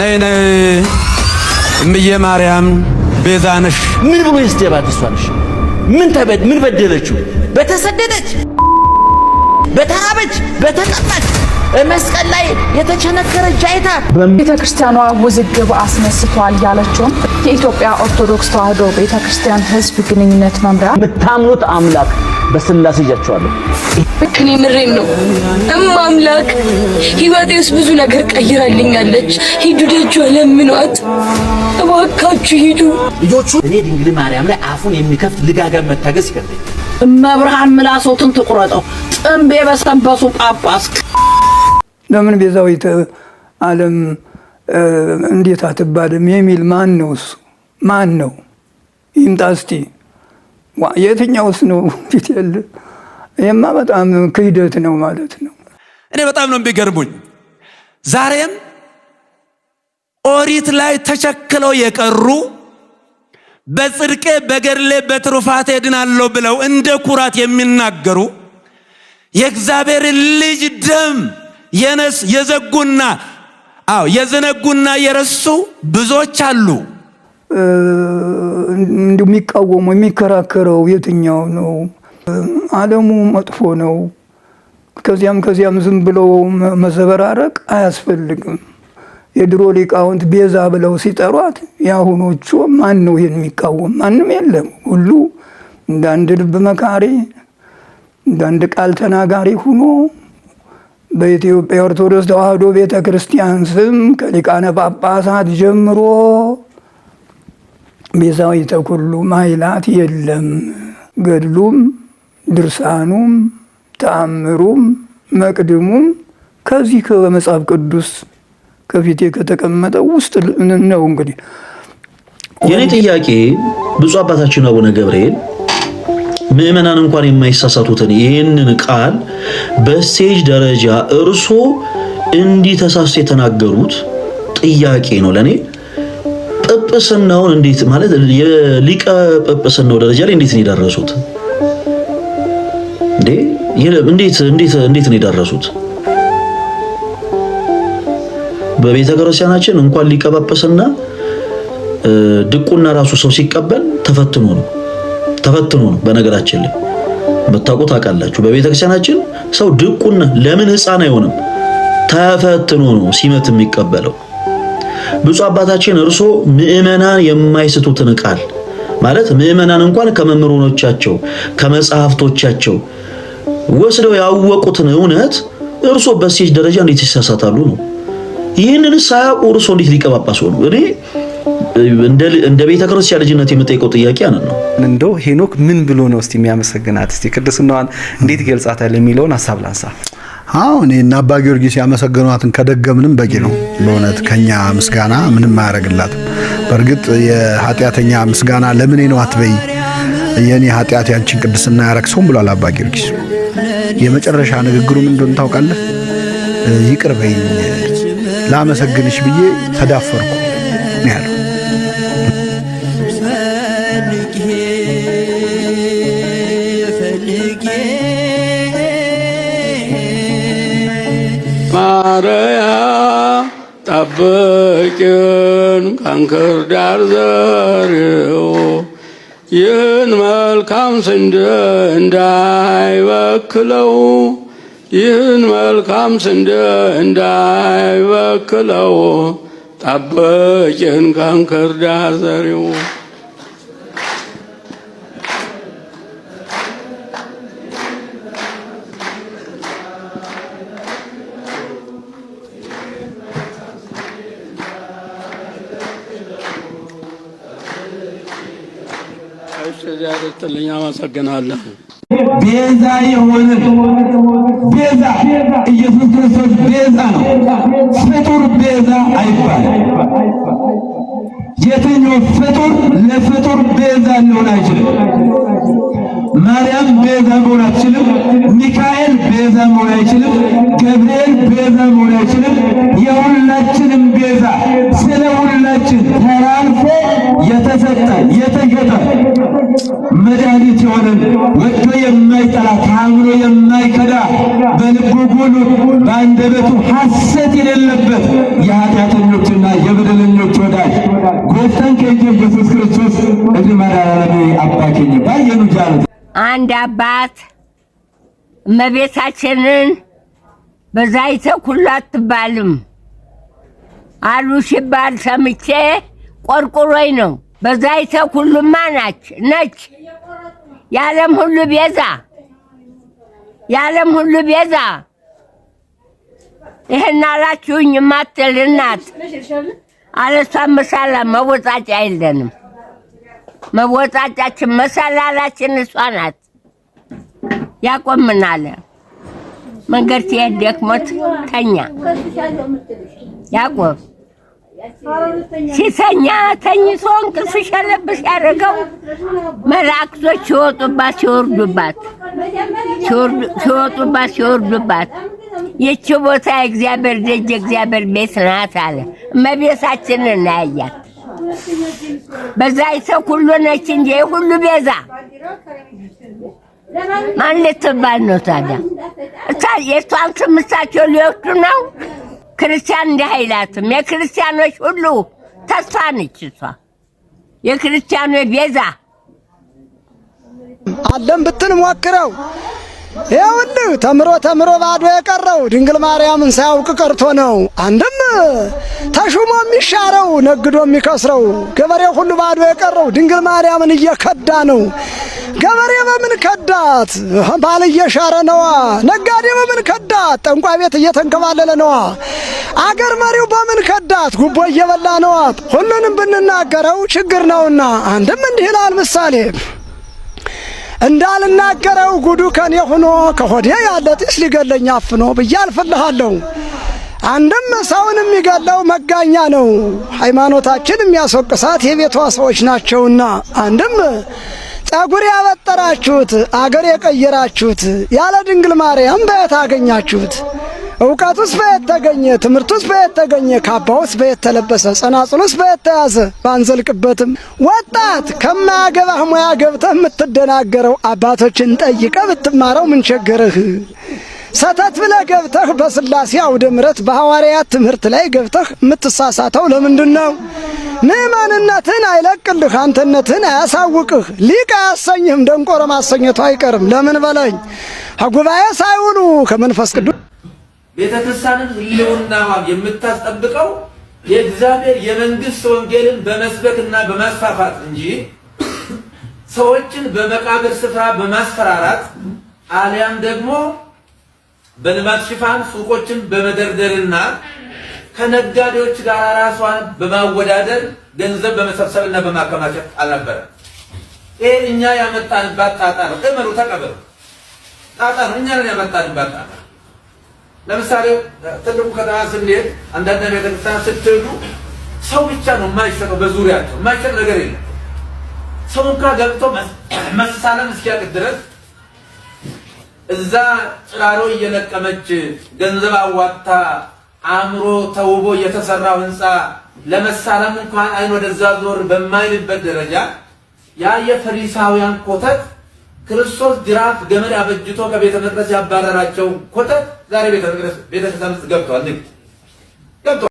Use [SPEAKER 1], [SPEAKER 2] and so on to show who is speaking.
[SPEAKER 1] ነይ ነይ እምዬ ማርያም ቤዛ ነሽ።
[SPEAKER 2] ምን ብሎ ይስደባት? እሷ ነሽ። ምን ተበድ ምን በደለችው? በተሰደደች፣ በተራበች፣ በተጠማች መስቀል ላይ የተቸነከረች አይታ
[SPEAKER 3] ቤተ ክርስቲያኗ ውዝግብ አስነስቷል ያለችውን የኢትዮጵያ ኦርቶዶክስ ተዋሕዶ ቤተ ክርስቲያን ሕዝብ ግንኙነት መምሪያ
[SPEAKER 2] የምታምኑት አምላክ በስላሴ እጃቸዋለሁ።
[SPEAKER 4] እኔ ምሬን ነው እማምላክ ህይወቴ ውስጥ ብዙ ነገር ቀይራልኛለች። ሂዱ ደጇ ለምኗት፣ እባካችሁ ሂዱ።
[SPEAKER 2] ልጆቹ እኔ ድንግል ማርያም ላይ አፉን የሚከፍት ልጋገር መታገስ ይከብዳል።
[SPEAKER 4] እመብርሃን ምላሶትን ትቁረጠው ጥምብ በሰንበሱ ጳጳስ
[SPEAKER 5] ለምን ቤዛዊተ ዓለም እንዴት አትባልም የሚል ማን ነው? እሱ ማን ነው? ይምጣ እስቲ የትኛውስ ነው ፊት ያለ? ይህማ በጣም ክህደት ነው ማለት ነው።
[SPEAKER 1] እኔ በጣም ነው የሚገርሙኝ። ዛሬም ኦሪት ላይ ተቸክለው የቀሩ በጽድቄ በገድሌ በትሩፋቴ ድናለሁ ብለው እንደ ኩራት የሚናገሩ የእግዚአብሔር ልጅ ደም የነስ የዘጉና አዎ የዘነጉና የረሱ ብዙዎች አሉ።
[SPEAKER 5] እንደሚቃወመው የሚከራከረው የትኛው ነው? ዓለሙ መጥፎ ነው። ከዚያም ከዚያም ዝም ብለው መዘበራረቅ አያስፈልግም። የድሮ ሊቃውንት ቤዛ ብለው ሲጠሯት የአሁኖቹ ማን ነው ይህን የሚቃወም? ማንም የለም። ሁሉ እንደ አንድ ልብ መካሪ፣ እንደ አንድ ቃል ተናጋሪ ሁኖ በኢትዮጵያ ኦርቶዶክስ ተዋሕዶ ቤተ ክርስቲያን ስም ከሊቃነ ጳጳሳት ጀምሮ ቤዛዊተ ኩሉ ማይላት የለም። ገድሉም ድርሳኑም ተአምሩም መቅድሙም ከዚህ ከመጽሐፍ ቅዱስ ከፊቴ ከተቀመጠ ውስጥ ነው። እንግዲህ
[SPEAKER 1] የኔ ጥያቄ ብፁ አባታችን አቡነ ገብርኤል ምእመናን እንኳን የማይሳሳቱትን ይህንን ቃል በስቴጅ ደረጃ እርሶ እንዲህ ተሳስቶ የተናገሩት ጥያቄ ነው ለእኔ ጵጵስናውን እንዴት ማለት የሊቀ ጵጵስናው ደረጃ ላይ እንዴት ነው የደረሱት? እንዴት እንዴት እንዴት ነው የደረሱት? በቤተ ክርስቲያናችን እንኳን ሊቀ ጳጳስና ድቁና ራሱ ሰው ሲቀበል ተፈትኖ ነው ተፈትኖ ነው። በነገራችን ላይ የምታውቁት ታውቃላችሁ። በቤተ ክርስቲያናችን ሰው ድቁና ለምን ሕፃን አይሆንም? ተፈትኖ ነው ሲመት የሚቀበለው። ብፁዕ አባታችን እርሶ ምእመናን የማይስቱትን ቃል ማለት ምእመናን እንኳን ከመምህሮቻቸው ከመጽሐፍቶቻቸው ወስደው ያወቁትን እውነት እርሶ በዚህ ደረጃ እንዴት ይሳሳታሉ ነው? ይህንን ሳያውቁ እርሶ እንዴት ሊቀ ጳጳስ ሆኑ? እኔ እንደ ቤተ ክርስቲያን ልጅነት የምጠይቀው ጥያቄ አንን ነው።
[SPEAKER 6] እንዶ ሄኖክ ምን ብሎ ነው እስቲ የሚያመሰግናት? እስቲ ቅድስናዋን እንዴት ይገልጻታል የሚለውን ሀሳብ ላንሳ።
[SPEAKER 7] አሁን እና አባ ጊዮርጊስ ያመሰገኗትን ከደገምንም በቂ ነው። በእውነት ከኛ ምስጋና ምንም አያደርግላትም። በእርግጥ የኃጢአተኛ ምስጋና ለምኔ ነው አትበይ፣ የእኔ ኃጢአት ያንቺን ቅድስና ያረክሰውም ብሏል አባ ጊዮርጊስ። የመጨረሻ ንግግሩ ምን እንደሆነ ታውቃለህ? ይቅር በይኝ ላመሰግንሽ ብዬ ተዳፈርኩ ያለው ማረያ ጠብቅን ከእንክርዳድ ዘሪው ይህን መልካም ስንዴ እንዳይበክለው ይህን መልካም ስንዴ
[SPEAKER 8] እንዳይበክለው ጠብቅን ከእንክርዳድ ዘሪው ያደርጥልኝ። አመሰግናለሁ። ቤዛ የሆነ ቤዛ ኢየሱስ ክርስቶስ ቤዛ ነው። ፍጡር ቤዛ አይባልም። የትኛው ፍጡር ለፍጡር ቤዛ ሊሆን አይችልም። ማርያም ቤዛ መሆን አትችልም። ሚካኤል ቤዛ መሆን አይችልም። አይደለም። ወዶ የማይጠላ ታምኖ የማይከዳ በልቡ ሁሉ በአንደበቱ ሐሰት የሌለበት የኃጢአተኞችና የበደለኞች ወዳጅ ጎፍተን ከእጅ ኢየሱስ ክርስቶስ እድ አባኬኝ ባየኑ ጃሉት
[SPEAKER 9] አንድ አባት እመቤታችንን በዛይተ ኩሉ አትባልም አሉ ሲባል ሰምቼ ቆርቁሮኝ ነው። በዛይተ ኩሉማ ናች ነች የዓለም ሁሉ ቤዛ የዓለም ሁሉ ቤዛ ይህን አላችሁኝ የማትል እናት አለሷ መሳላ መወጣጫ የለንም። መወጣጫችን መሰላላችን እሷ ናት። ያቆምናል። መንገድ ሲሄድ ደክሞት ተኛ ያቆም ሲተኛ ተኝቶ እንቅልፍ ሸለብሽ ያደረገው መላእክቶች ሲወጡባት ሲወርዱባት ሲወጡባት ሲወርዱባት ይቺ ቦታ የእግዚአብሔር ደጅ የእግዚአብሔር ቤት ናት አለ። እመቤታችንን እናያያት በዛ ይሰው ሁሉ ነች እንጂ ሁሉ ቤዛ ማን ልትባል ነው ታዲያ? የእሷን ስምሳቸው ሊወስዱ ነው። ክርስቲያን እንዲህ አይላትም። የክርስቲያኖች ሁሉ ተስፋ ነች እሷ የክርስቲያኖች ቤዛ
[SPEAKER 10] አለም ብትን ሞክረው ይኸውልህ ተምሮ ተምሮ ባዶ የቀረው ድንግል ማርያምን ሳያውቅ ቀርቶ ነው። አንድም ተሹሞ የሚሻረው ነግዶ የሚከስረው ገበሬ ሁሉ ባዶ የቀረው ድንግል ማርያምን እየከዳ ነው። ገበሬ በምን ከዳት? ባል እየሻረ ነዋ። ነጋዴ በምን ከዳት? ጠንቋ ቤት እየተንከባለለ ነዋ። አገር መሪው በምን ከዳት? ጉቦ እየበላ ነዋ። ሁሉንም ብንናገረው ችግር ነውና አንድም እንዲህ ይላል ምሳሌ እንዳልናገረው ጉዱ ከኔ ሆኖ ከሆዴ ያለ ጢስ ሊገለኝ አፍኖ ብዬ አልፍልሃለሁ። አንድም ሰውን የሚገለው መጋኛ ነው፣ ሃይማኖታችን የሚያስወቅሳት የቤቷ ሰዎች ናቸውና። አንድም ጠጉር ያበጠራችሁት አገር የቀየራችሁት ያለ ድንግል ማርያም በየት አገኛችሁት? እውቀቱስ በየት ተገኘ? ትምህርቱስ በየት ተገኘ? ካባውስ በየት ተለበሰ? ጸናጽሉስ በየት ተያዘ? ባንዘልቅበትም ወጣት ከማያገባህ ሙያ ገብተህ የምትደናገረው አባቶችን ጠይቀ ብትማረው ምን ቸገረህ? ሰተት ብለህ ገብተህ በስላሴ አውደ ምረት በሐዋርያት ትምህርት ላይ ገብተህ የምትሳሳተው ለምንድን ነው? ምዕመንነትህን አይለቅልህ፣ አንተነትህን አያሳውቅህ፣ ሊቅ አያሰኝህም። ደንቆሮ ማሰኘቱ አይቀርም። ለምን በለኝ። ከጉባኤ ሳይውሉ ከመንፈስ ቅዱስ
[SPEAKER 11] ቤተ ህልውና የምታስጠብቀው የእግዚአብሔር የመንግስት ወንጌልን በመስበክና በማስፋፋት እንጂ ሰዎችን በመቃብር ስፍራ በማስፈራራት አሊያም ደግሞ በልማት ሽፋን ሱቆችን በመደርደርና ከነጋዴዎች ጋር ራሷን በማወዳደር ገንዘብ በመሰብሰብና በማከማቸት አልነበረ። ይሄ እኛ ያመጣንባት ጣጣ ነው። እመሩ፣ ተቀበሉ። ጣጣ ነው፣ እኛ ነን ያመጣንባት ጣጣ ለምሳሌ ትልቁ ከተማ ስንሄድ አንዳንድ ቤተክርስቲያን ስትሄዱ ሰው ብቻ ነው የማይሸጠው፣ በዙሪያቸው የማይሸጥ ነገር የለም። ሰው እንኳ ገብቶ መሳለም እስኪያቅ ድረስ እዛ ጭራሮ እየለቀመች ገንዘብ አዋጥታ አእምሮ ተውቦ የተሰራው ህንፃ ለመሳለም እንኳን አይን ወደዛ ዞር በማይልበት ደረጃ ያ የፈሪሳውያን ኮተት ክርስቶስ ጅራፍ ገመድ አበጅቶ ከቤተ መቅደስ ያባረራቸው ኮተት ዛሬ ቤተ መቅደስ ቤተ ክርስቲያን ውስጥ ገብቷል። ንግድ ገብቷል።